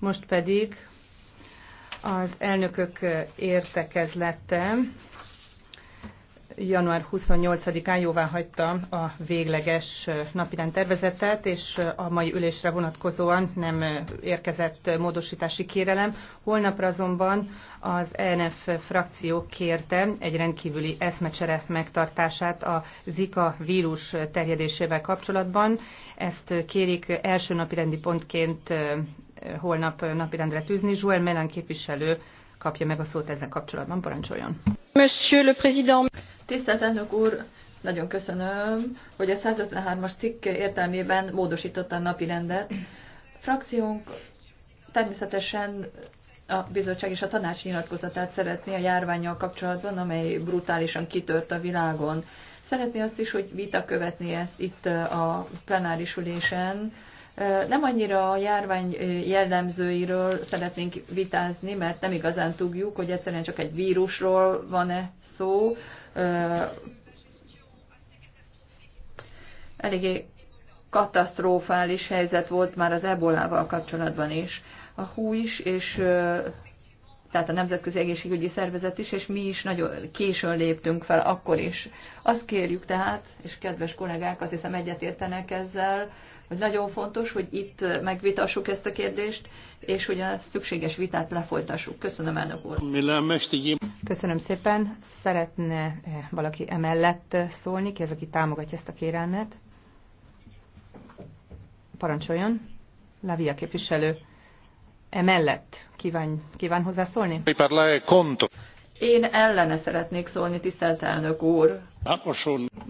Most pedig az elnökök értekezlete január 28-án jóvá hagyta a végleges napirend tervezetet, és a mai ülésre vonatkozóan nem érkezett módosítási kérelem. Holnapra azonban az ENF frakció kérte egy rendkívüli eszmecsere megtartását a Zika vírus terjedésével kapcsolatban. Ezt kérik első napirendi pontként holnap napirendre tűzni. Joel Melen képviselő kapja meg a szót ezzel kapcsolatban. Parancsoljon. Monsieur le Président. Tisztelt elnök úr, nagyon köszönöm, hogy a 153-as cikk értelmében módosította a napi rendet. Frakciónk természetesen a bizottság és a tanács nyilatkozatát szeretné a járványjal kapcsolatban, amely brutálisan kitört a világon. Szeretné azt is, hogy vita követni ezt itt a plenáris ülésen, nem annyira a járvány jellemzőiről szeretnénk vitázni, mert nem igazán tudjuk, hogy egyszerűen csak egy vírusról van-e szó. Eléggé katasztrofális helyzet volt már az ebolával kapcsolatban is. A hú is, és tehát a Nemzetközi Egészségügyi Szervezet is, és mi is nagyon későn léptünk fel akkor is. Azt kérjük tehát, és kedves kollégák, azt hiszem egyetértenek ezzel, hogy nagyon fontos, hogy itt megvitassuk ezt a kérdést, és hogy a szükséges vitát lefolytassuk. Köszönöm, elnök úr. Köszönöm szépen. Szeretne valaki emellett szólni, ki az, aki támogatja ezt a kérelmet? Parancsoljon. Lavia képviselő. Emellett kíván, kíván hozzászólni? Én ellene szeretnék szólni, tisztelt elnök úr Hát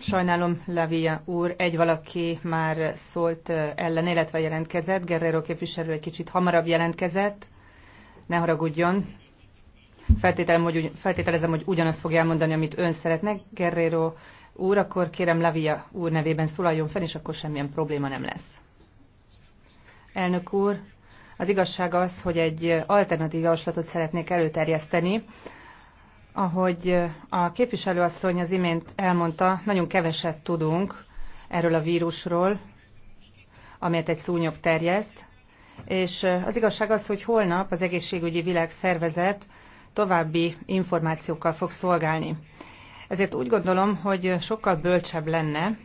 Sajnálom, Lavia úr, egy valaki már szólt ellen, illetve jelentkezett. Guerrero képviselő egy kicsit hamarabb jelentkezett. Ne haragudjon. Feltételem, hogy, feltételezem, hogy ugyanazt fogja elmondani, amit ön szeretne. Guerrero úr, akkor kérem Lavia úr nevében szólaljon fel, és akkor semmilyen probléma nem lesz. Elnök úr, az igazság az, hogy egy alternatív javaslatot szeretnék előterjeszteni, ahogy a képviselőasszony az imént elmondta, nagyon keveset tudunk erről a vírusról, amelyet egy szúnyog terjeszt, és az igazság az, hogy holnap az Egészségügyi Világszervezet további információkkal fog szolgálni. Ezért úgy gondolom, hogy sokkal bölcsebb lenne,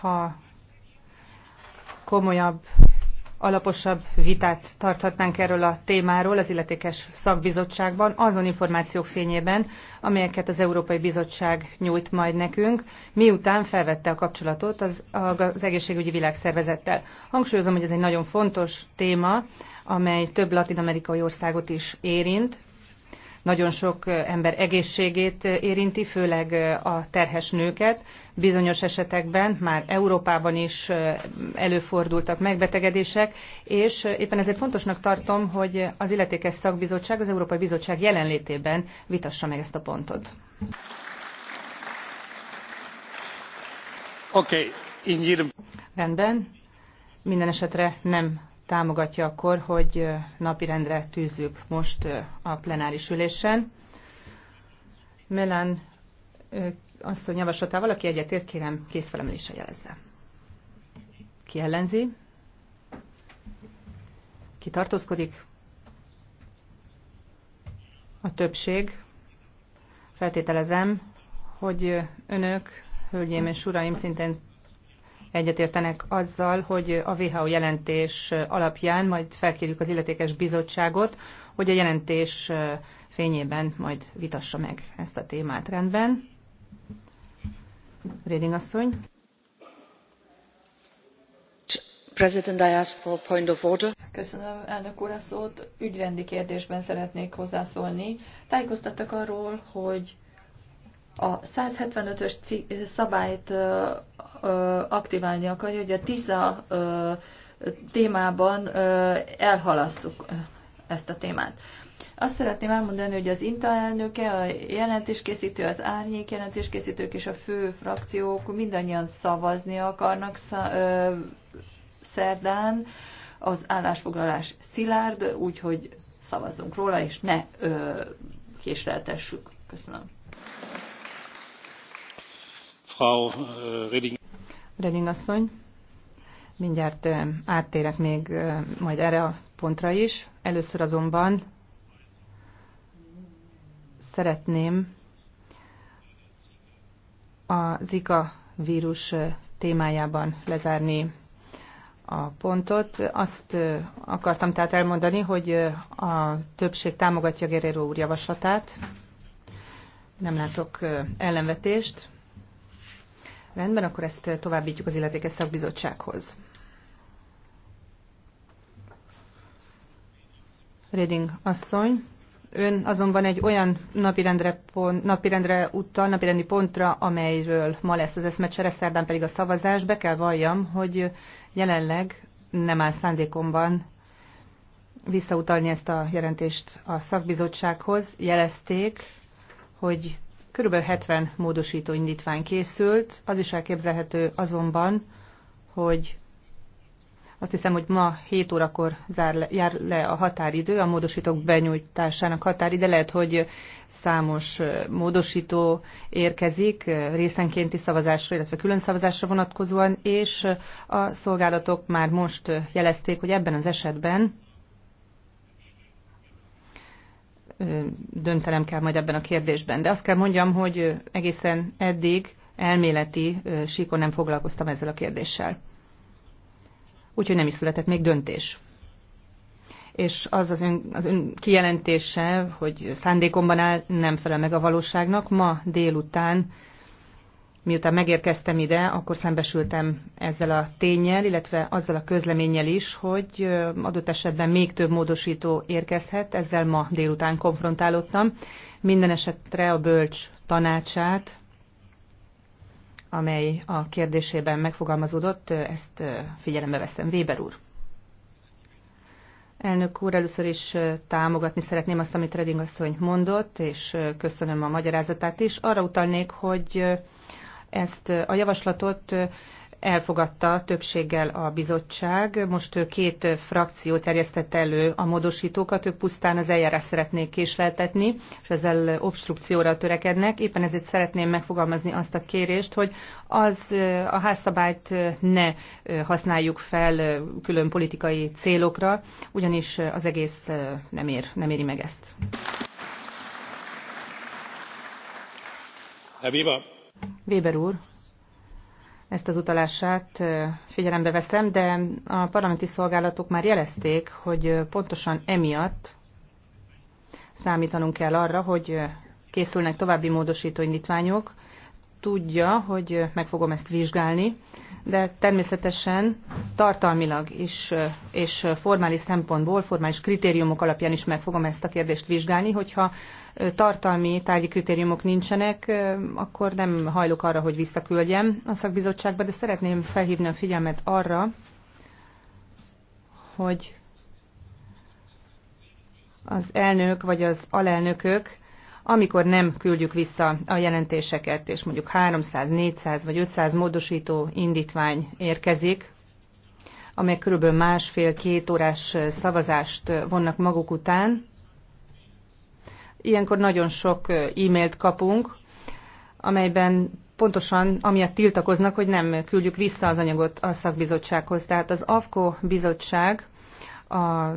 ha komolyabb alaposabb vitát tarthatnánk erről a témáról az illetékes szakbizottságban, azon információk fényében, amelyeket az Európai Bizottság nyújt majd nekünk, miután felvette a kapcsolatot az, az egészségügyi világszervezettel. Hangsúlyozom, hogy ez egy nagyon fontos téma, amely több latin-amerikai országot is érint, nagyon sok ember egészségét érinti, főleg a terhes nőket. Bizonyos esetekben már Európában is előfordultak megbetegedések, és éppen ezért fontosnak tartom, hogy az illetékes szakbizottság, az Európai Bizottság jelenlétében vitassa meg ezt a pontot. Oké, okay. Rendben. Minden esetre nem támogatja akkor, hogy napirendre tűzzük most a plenáris ülésen. Melán asszony javaslatával, aki egyetért, kérem készfelemelésre jelezze. Ki ellenzi? Ki tartózkodik? A többség. Feltételezem, hogy önök, hölgyeim és uraim, szintén egyetértenek azzal, hogy a WHO jelentés alapján majd felkérjük az illetékes bizottságot, hogy a jelentés fényében majd vitassa meg ezt a témát rendben. Reding asszony. President, I ask for point of order. Köszönöm, elnök úr, a szót. Ügyrendi kérdésben szeretnék hozzászólni. Tájékoztattak arról, hogy a 175-ös szabályt aktiválni akarja, hogy a TISZA témában elhalasszuk ezt a témát. Azt szeretném elmondani, hogy az INTA elnöke, a jelentéskészítő, az árnyék jelentéskészítők és a fő frakciók mindannyian szavazni akarnak szerdán. Az állásfoglalás szilárd, úgyhogy szavazzunk róla, és ne késleltessük. Köszönöm. Äh, Reding. Reding asszony, mindjárt áttérek még majd erre a pontra is. Először azonban szeretném a Zika vírus témájában lezárni a pontot. Azt akartam tehát elmondani, hogy a többség támogatja Gerero úr javaslatát. Nem látok ellenvetést. Rendben, akkor ezt továbbítjuk az illetékes szakbizottsághoz. Reding asszony, ön azonban egy olyan napirendre, pont, napirendre utal, napirendi pontra, amelyről ma lesz az eszmecsere, szerdán pedig a szavazás. Be kell valljam, hogy jelenleg nem áll szándékomban visszautalni ezt a jelentést a szakbizottsághoz. Jelezték, hogy Körülbelül 70 módosító indítvány készült, az is elképzelhető azonban, hogy azt hiszem, hogy ma 7 órakor zár le, jár le a határidő, a módosítók benyújtásának határide. Lehet, hogy számos módosító érkezik részenkénti szavazásra, illetve külön szavazásra vonatkozóan, és a szolgálatok már most jelezték, hogy ebben az esetben döntenem kell majd ebben a kérdésben. De azt kell mondjam, hogy egészen eddig elméleti síkon nem foglalkoztam ezzel a kérdéssel. Úgyhogy nem is született még döntés. És az az ön, az ön kijelentése, hogy szándékomban áll, nem felel meg a valóságnak. Ma délután miután megérkeztem ide, akkor szembesültem ezzel a tényel, illetve azzal a közleménnyel is, hogy adott esetben még több módosító érkezhet, ezzel ma délután konfrontálódtam. Minden esetre a bölcs tanácsát, amely a kérdésében megfogalmazódott, ezt figyelembe veszem. Weber úr. Elnök úr, először is támogatni szeretném azt, amit Reding asszony mondott, és köszönöm a magyarázatát is. Arra utalnék, hogy ezt a javaslatot elfogadta többséggel a bizottság. Most két frakció terjesztett elő a módosítókat, ők pusztán az eljárás szeretnék késleltetni, és ezzel obstrukcióra törekednek. Éppen ezért szeretném megfogalmazni azt a kérést, hogy az a házszabályt ne használjuk fel külön politikai célokra, ugyanis az egész nem, ér, nem éri meg ezt. Herr Weber úr, ezt az utalását figyelembe veszem, de a parlamenti szolgálatok már jelezték, hogy pontosan emiatt számítanunk kell arra, hogy készülnek további módosító indítványok. Tudja, hogy meg fogom ezt vizsgálni, de természetesen tartalmilag is és formális szempontból, formális kritériumok alapján is meg fogom ezt a kérdést vizsgálni, hogyha tartalmi tárgyi kritériumok nincsenek, akkor nem hajlok arra, hogy visszaküldjem a szakbizottságba, de szeretném felhívni a figyelmet arra, hogy az elnök vagy az alelnökök amikor nem küldjük vissza a jelentéseket, és mondjuk 300, 400 vagy 500 módosító indítvány érkezik, amely kb. másfél-két órás szavazást vonnak maguk után. Ilyenkor nagyon sok e-mailt kapunk, amelyben pontosan amiatt tiltakoznak, hogy nem küldjük vissza az anyagot a szakbizottsághoz. Tehát az AFKO bizottság a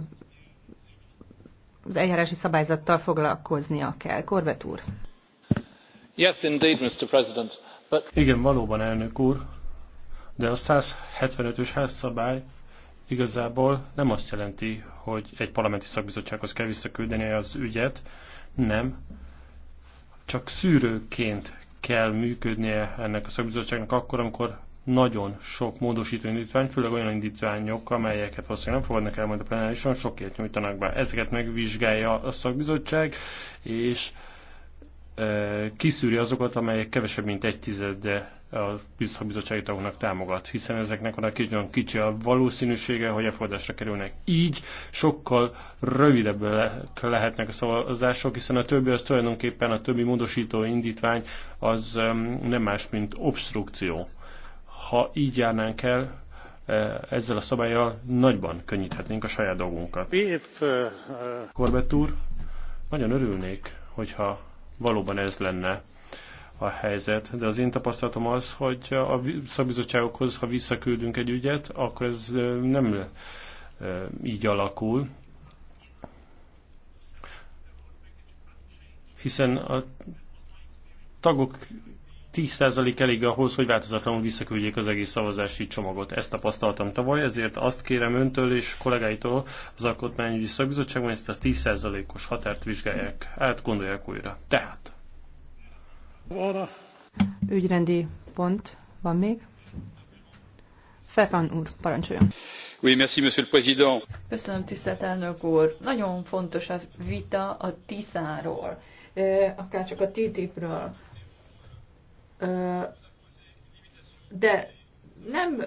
az eljárási szabályzattal foglalkoznia kell. Corbett úr. Yes, indeed, Mr. President. But... Igen, valóban elnök úr, de a 175-ös házszabály igazából nem azt jelenti, hogy egy parlamenti szakbizottsághoz kell visszaküldeni az ügyet, nem. Csak szűrőként kell működnie ennek a szakbizottságnak akkor, amikor nagyon sok módosító indítvány, főleg olyan indítványok, amelyeket valószínűleg nem fogadnak el majd a plenárison, sokért nyújtanak be. Ezeket megvizsgálja a szakbizottság, és e, kiszűri azokat, amelyek kevesebb, mint egy tizede a szakbizottsági tagoknak támogat, hiszen ezeknek van egy nagyon kicsi a valószínűsége, hogy elfogadásra kerülnek. Így sokkal rövidebb lehetnek a szavazások, hiszen a többi az tulajdonképpen a többi módosító indítvány az nem más, mint obstrukció ha így járnánk el, e, ezzel a szabályjal nagyban könnyíthetnénk a saját dolgunkat. If, uh, Korbett e, e, úr, nagyon örülnék, hogyha valóban ez lenne a helyzet, de az én tapasztalatom az, hogy a szakbizottságokhoz, ha visszaküldünk egy ügyet, akkor ez nem így alakul, hiszen a tagok 10% elég ahhoz, hogy változatlanul visszaküldjék az egész szavazási csomagot. Ezt tapasztaltam tavaly, ezért azt kérem öntől és kollégáitól az Alkotmányügyi Szakbizottságban ezt a 10%-os határt vizsgálják át, gondolják újra. Tehát. Arra. Ügyrendi pont van még. Fefan úr, parancsoljon. Oui, merci, monsieur le président. Köszönöm, tisztelt elnök úr. Nagyon fontos a vita a tiszáról, ról eh, akárcsak a TTIP-ről de nem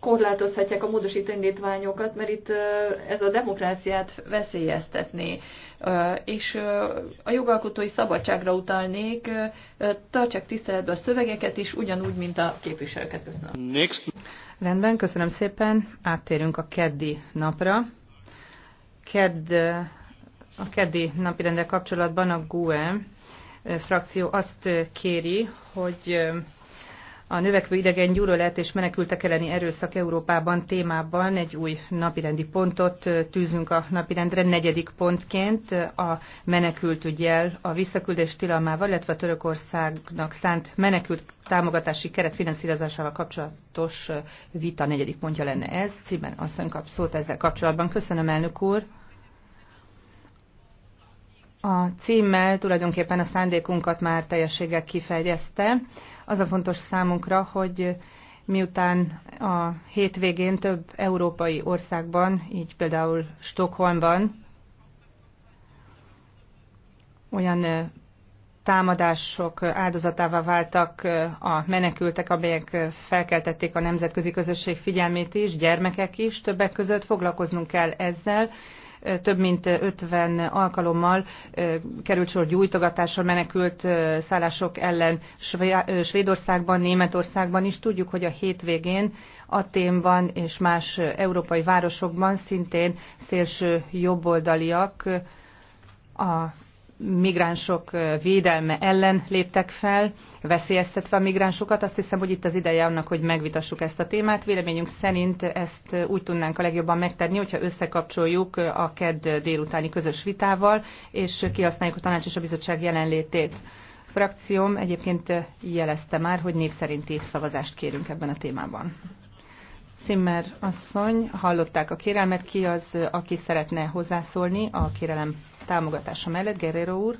korlátozhatják a módosító indítványokat, mert itt ez a demokráciát veszélyeztetné. És a jogalkotói szabadságra utalnék, tartsák tiszteletbe a szövegeket is, ugyanúgy, mint a képviselőket. Köszönöm. Next. Rendben, köszönöm szépen. Áttérünk a keddi napra. Kedd, a keddi rendel kapcsolatban a GUE frakció azt kéri, hogy a növekvő idegen gyűlölet és menekültek elleni erőszak Európában témában egy új napirendi pontot tűzünk a napirendre negyedik pontként a menekült ügyel, a visszaküldés tilalmával, illetve a Törökországnak szánt menekült támogatási keret finanszírozásával kapcsolatos vita negyedik pontja lenne ez. Ciben asszony kap szót ezzel kapcsolatban. Köszönöm, elnök úr! A címmel tulajdonképpen a szándékunkat már teljességgel kifejezte. Az a fontos számunkra, hogy miután a hétvégén több európai országban, így például Stockholmban olyan támadások áldozatává váltak a menekültek, amelyek felkeltették a nemzetközi közösség figyelmét is, gyermekek is, többek között foglalkoznunk kell ezzel, több mint 50 alkalommal került sor gyújtogatásra menekült szállások ellen Svédországban, Németországban is. Tudjuk, hogy a hétvégén Aténban és más európai városokban szintén szélső jobboldaliak a migránsok védelme ellen léptek fel, veszélyeztetve a migránsokat. Azt hiszem, hogy itt az ideje annak, hogy megvitassuk ezt a témát. Véleményünk szerint ezt úgy tudnánk a legjobban megtenni, hogyha összekapcsoljuk a KED délutáni közös vitával, és kihasználjuk a tanács és a bizottság jelenlétét. A frakcióm egyébként jelezte már, hogy név szerinti szavazást kérünk ebben a témában. Szimmer asszony, hallották a kérelmet, ki az, aki szeretne hozzászólni a kérelem támogatása mellett, Guerrero úr.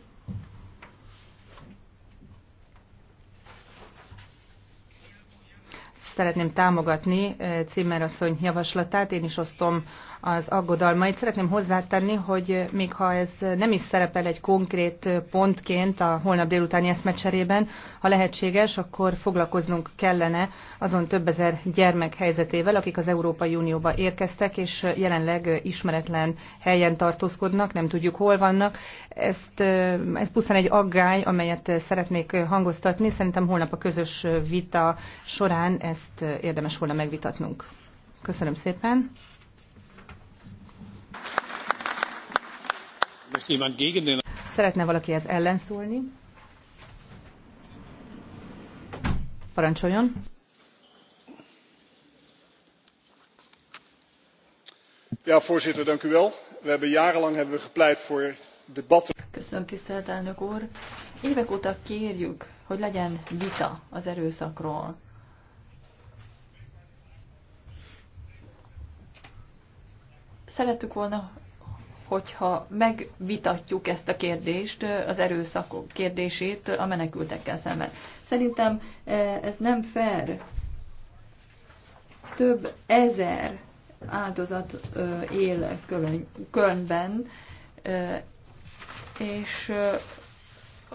szeretném támogatni eh, Cimmer asszony javaslatát, én is osztom az aggodalmait. Szeretném hozzátenni, hogy még ha ez nem is szerepel egy konkrét pontként a holnap délutáni eszmecserében, ha lehetséges, akkor foglalkoznunk kellene azon több ezer gyermek helyzetével, akik az Európai Unióba érkeztek, és jelenleg ismeretlen helyen tartózkodnak, nem tudjuk hol vannak. Ezt, eh, ez pusztán egy aggály, amelyet szeretnék hangoztatni. Szerintem holnap a közös vita során ez ezt érdemes volna megvitatnunk. Köszönöm szépen. Szeretne valaki ez ellen szólni? Parancsoljon. Ja, voorzitter, dank u wel. We hebben jarenlang hebben we gepleit voor debatten. Köszönöm, tisztelt elnök úr. Évek óta kérjük, hogy legyen vita az erőszakról. Szerettük volna, hogyha megvitatjuk ezt a kérdést, az erőszak kérdését a menekültekkel szemben. Szerintem eh, ez nem fair. Több ezer áldozat eh, él könyvben, eh, és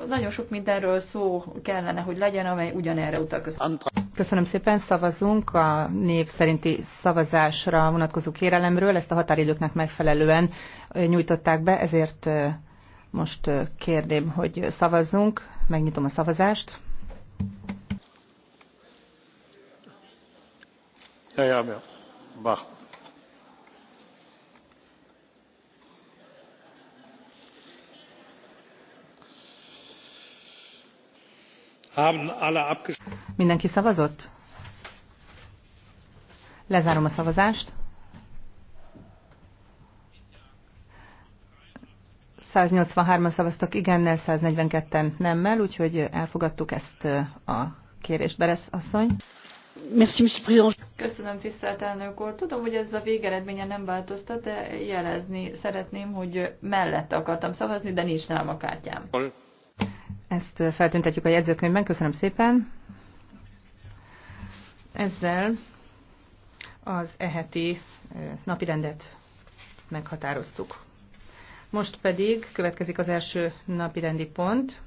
nagyon sok mindenről szó kellene, hogy legyen, amely ugyanerre utal. Köszönöm. Köszönöm szépen, szavazunk a név szerinti szavazásra vonatkozó kérelemről. Ezt a határidőknek megfelelően nyújtották be, ezért most kérném, hogy szavazzunk. Megnyitom a szavazást. Ja, ja, ja. Mindenki szavazott? Lezárom a szavazást. 183-an szavaztak igennel, 142-en nemmel, úgyhogy elfogadtuk ezt a kérést. Beresz asszony. Köszönöm, tisztelt elnök úr. Tudom, hogy ez a végeredménye nem változtat, de jelezni szeretném, hogy mellette akartam szavazni, de nincs nálam a kártyám. Ezt feltüntetjük a jegyzőkönyvben. Köszönöm szépen. Ezzel az eheti napirendet meghatároztuk. Most pedig következik az első napirendi pont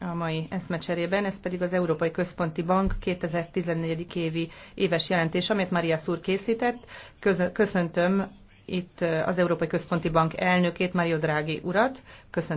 a mai eszmecserében, ez pedig az Európai Központi Bank 2014. évi éves jelentés, amit Maria Szúr készített. Köszöntöm itt az Európai Központi Bank elnökét, Mario Drági urat. Köszöntöm.